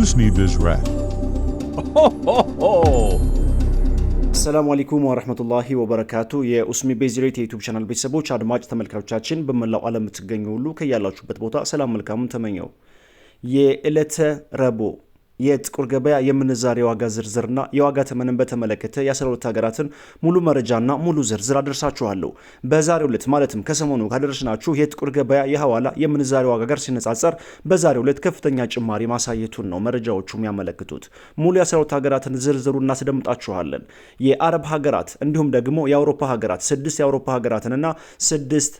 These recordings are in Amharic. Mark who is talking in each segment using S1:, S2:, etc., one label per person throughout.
S1: use me this rat. Ho,
S2: ወረህመቱላሂ ወበረካቱ። የኡስሚ ቤዝሬት የዩቱብ ቻናል ቤተሰቦች አድማጭ ተመልካቾቻችን በመላው ዓለም የምትገኙ ሁሉ ከያላችሁበት ቦታ ሰላም መልካሙን ተመኘው። የዕለተ ረቡዕ የጥቁር ገበያ የምንዛሬ የዋጋ ዝርዝርና የዋጋ ተመንን በተመለከተ የ ሀገራትን ሙሉ መረጃና ሙሉ ዝርዝር አደርሳችኋለሁ። በዛሬው ዕለት ማለትም ከሰሞኑ ካደረስናችሁ የጥቁር ገበያ የሐዋላ የምንዛሬ ዋጋ ጋር ሲነጻጸር በዛሬው ዕለት ከፍተኛ ጭማሪ ማሳየቱን ነው መረጃዎቹ የሚያመለክቱት። ሙሉ የ ሀገራትን ዝርዝሩ እናስደምጣችኋለን። የአረብ ሀገራት እንዲሁም ደግሞ የአውሮፓ ሀገራት ስድስት የአውሮፓ ሀገራትንና ስድስት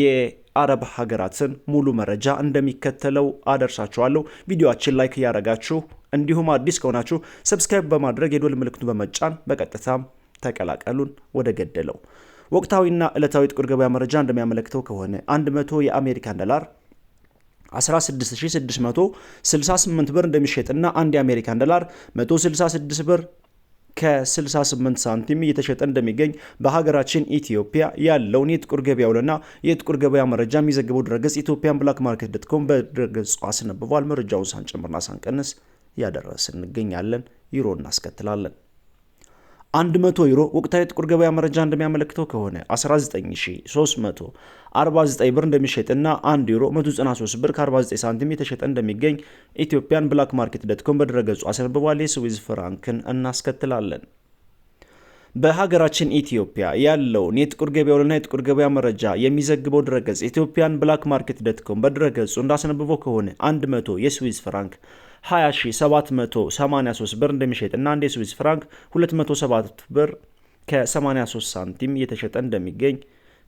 S2: የአረብ ሀገራትን ሙሉ መረጃ እንደሚከተለው አደርሳችኋለሁ። ቪዲዮችን ላይክ እያደረጋችሁ እንዲሁም አዲስ ከሆናችሁ ሰብስክራይብ በማድረግ የዶል ምልክቱ በመጫን በቀጥታም ተቀላቀሉን። ወደ ገደለው ወቅታዊና ዕለታዊ ጥቁር ገበያ መረጃ እንደሚያመለክተው ከሆነ 100 የአሜሪካን ዶላር 16668 ብር እንደሚሸጥና አንድ የአሜሪካን ዶላር 166 ብር ከ68 ሳንቲም እየተሸጠ እንደሚገኝ በሀገራችን ኢትዮጵያ ያለውን የጥቁር ገበያ ውለና የጥቁር ገበያ መረጃ የሚዘግበው ድረገጽ ኢትዮጵያን ብላክ ማርኬት ዶት ኮም በድረገጹ አስነብቧል። መረጃውን ሳንጨምርና ሳንቀንስ እያደረስ እንገኛለን። ዩሮ እናስከትላለን። 100 ዩሮ ወቅታዊ ጥቁር ገበያ መረጃ እንደሚያመለክተው ከሆነ 19349 ብር እንደሚሸጥና 1 ዩሮ 193 ብር ከ49 ሳንቲም የተሸጠ እንደሚገኝ ኢትዮጵያን ብላክ ማርኬት ዶት ኮም በድረገጹ አስነብቧል። የስዊዝ ፍራንክን እናስከትላለን። በሀገራችን ኢትዮጵያ ያለውን የጥቁር ገበያውንና የጥቁር ገበያ መረጃ የሚዘግበው ድረገጽ ኢትዮጵያን ብላክ ማርኬት ኮም በድረገጹ እንዳስነብበው ከሆነ 100 የስዊዝ ፍራንክ 20783 ብር እና አንድ የስዊዝ ፍራንክ 207 ብር ከ83 ሳንቲም እየተሸጠ እንደሚገኝ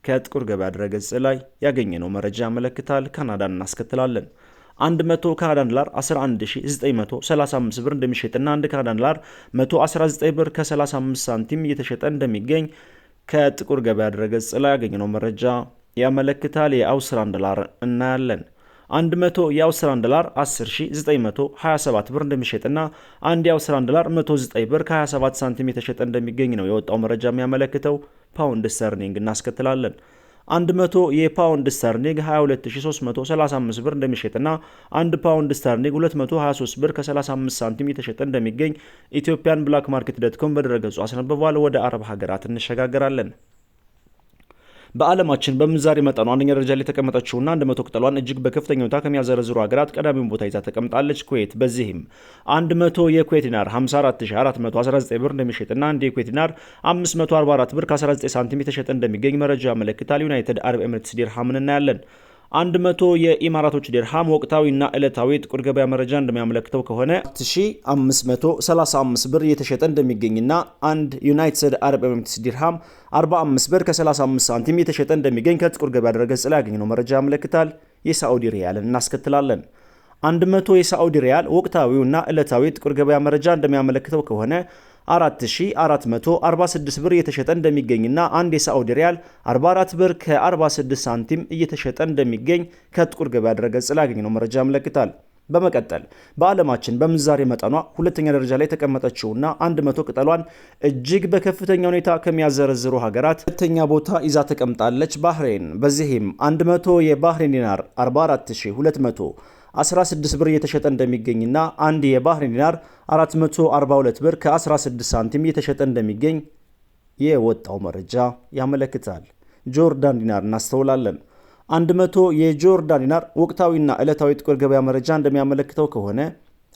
S2: ከጥቁር ገበያ ድረገጽ ላይ ያገኘነው መረጃ ያመለክታል። ካናዳን እናስከትላለን። 100 ካናዳን ዶላር 11935 ብር እንደሚሸጥና 1 ካናዳን ዶላር 119 ብር ከ35 ሳንቲም እየተሸጠ እንደሚገኝ ከጥቁር ገበያ ድረገጽ ላይ ያገኘነው መረጃ ያመለክታል። የአውስትራሊያን ዶላር እናያለን። 100 የአውስትራሊያን ዶላር 10927 ብር እንደሚሸጥና አንድ የአውስትራሊያን ዶላር 109 ብር ከ27 ሳንቲም የተሸጠ እንደሚገኝ ነው የወጣው መረጃ የሚያመለክተው። ፓውንድ ስተርሊንግ እናስከትላለን። 100 የፓውንድ ስተርሊንግ 22335 ብር እንደሚሸጥና 1 ፓውንድ ስተርሊንግ 223 ብር ከ35 ሳንቲም የተሸጠ እንደሚገኝ ኢትዮጵያን ብላክ ማርኬት ዶት ኮም በድረገጹ አስነብቧል። ወደ አረብ ሀገራት እንሸጋገራለን። በዓለማችን በምንዛሬ መጠኑ አንደኛ ደረጃ ላይ የተቀመጠችውና አንድ መቶ ቅጠሏን እጅግ በከፍተኛ ሁኔታ ከሚያዘረዝሩ ሀገራት ቀዳሚውን ቦታ ይዛ ተቀምጣለች ኩዌት። በዚህም 100 የኩዌት ዲናር 54419 ብር እንደሚሸጥና አንድ የኩዌት ዲናር 544 ብር ከ19 ሳንቲም የተሸጠ እንደሚገኝ መረጃ ያመለክታል። ዩናይትድ አረብ ኤምሬትስ ዲርሃምን እናያለን። 100 የኢማራቶች ዲርሃም ወቅታዊና ዕለታዊ ጥቁር ገበያ መረጃ እንደሚያመለክተው ከሆነ 1535 ብር የተሸጠ እንደሚገኝና አንድ ዩናይትድ አረብ ኤምሬትስ ዲርሃም 45 ብር ከ35 ሳንቲም የተሸጠ እንደሚገኝ ከጥቁር ገበያ ድረገጽ ላይ ያገኘነው መረጃ ያመለክታል። የሳዑዲ ሪያልን እናስከትላለን። 100 የሳዑዲ ሪያል ወቅታዊውና ዕለታዊ ጥቁር ገበያ መረጃ እንደሚያመለክተው ከሆነ 4446 ብር እየተሸጠ እንደሚገኝና አንድ የሳዑዲ ሪያል 44 ብር ከ46 ሳንቲም እየተሸጠ እንደሚገኝ ከጥቁር ገበያ ድረገጽ ላገኘነው መረጃ ያመለክታል። በመቀጠል በዓለማችን በምንዛሬ መጠኗ ሁለተኛ ደረጃ ላይ የተቀመጠችውና 100 ቅጠሏን እጅግ በከፍተኛ ሁኔታ ከሚያዘረዝሩ ሀገራት ሁለተኛ ቦታ ይዛ ተቀምጣለች ባህሬን። በዚህም 100 የባህሬን ዲናር 44200 16 ብር እየተሸጠ እንደሚገኝና አንድ የባህሬን ዲናር 442 ብር ከ16 ሳንቲም እየተሸጠ እንደሚገኝ የወጣው መረጃ ያመለክታል። ጆርዳን ዲናር እናስተውላለን። 100 የጆርዳን ዲናር ወቅታዊና ዕለታዊ ጥቁር ገበያ መረጃ እንደሚያመለክተው ከሆነ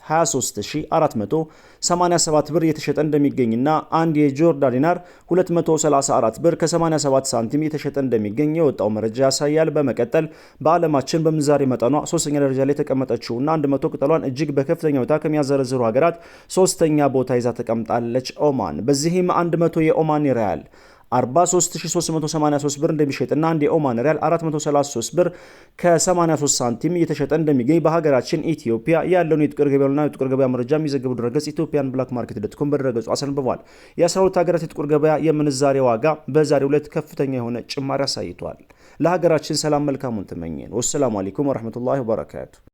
S2: 23487 ብር የተሸጠ እንደሚገኝና አንድ የጆርዳን ዲናር 234 ብር ከ87 ሳንቲም የተሸጠ እንደሚገኝ የወጣው መረጃ ያሳያል። በመቀጠል በዓለማችን በምንዛሬ መጠኗ ሶስተኛ ደረጃ ላይ የተቀመጠችውና 100 ቅጠሏን እጅግ በከፍተኛ ሁኔታ ከሚያዘረዝሩ ሀገራት ሶስተኛ ቦታ ይዛ ተቀምጣለች ኦማን። በዚህም 100 የኦማን ሪያል 43383 ብር እንደሚሸጥና አንድ የኦማን ሪያል 433 ብር ከ83 ሳንቲም እየተሸጠ እንደሚገኝ በሀገራችን ኢትዮጵያ ያለውን የጥቁር ገበያና የጥቁር ገበያ መረጃ የሚዘግቡ ድረገጽ ኢትዮጵያን ብላክ ማርኬት ዶት በድረገጹ አሰንብቧል። የ12 ሀገራት የጥቁር ገበያ የምንዛሬ ዋጋ በዛሬው ዕለት ከፍተኛ የሆነ ጭማሪ አሳይቷል። ለሀገራችን ሰላም መልካሙን ተመኘን። ወሰላሙ አሌይኩም ወረህመቱላሂ ወበረካቱ።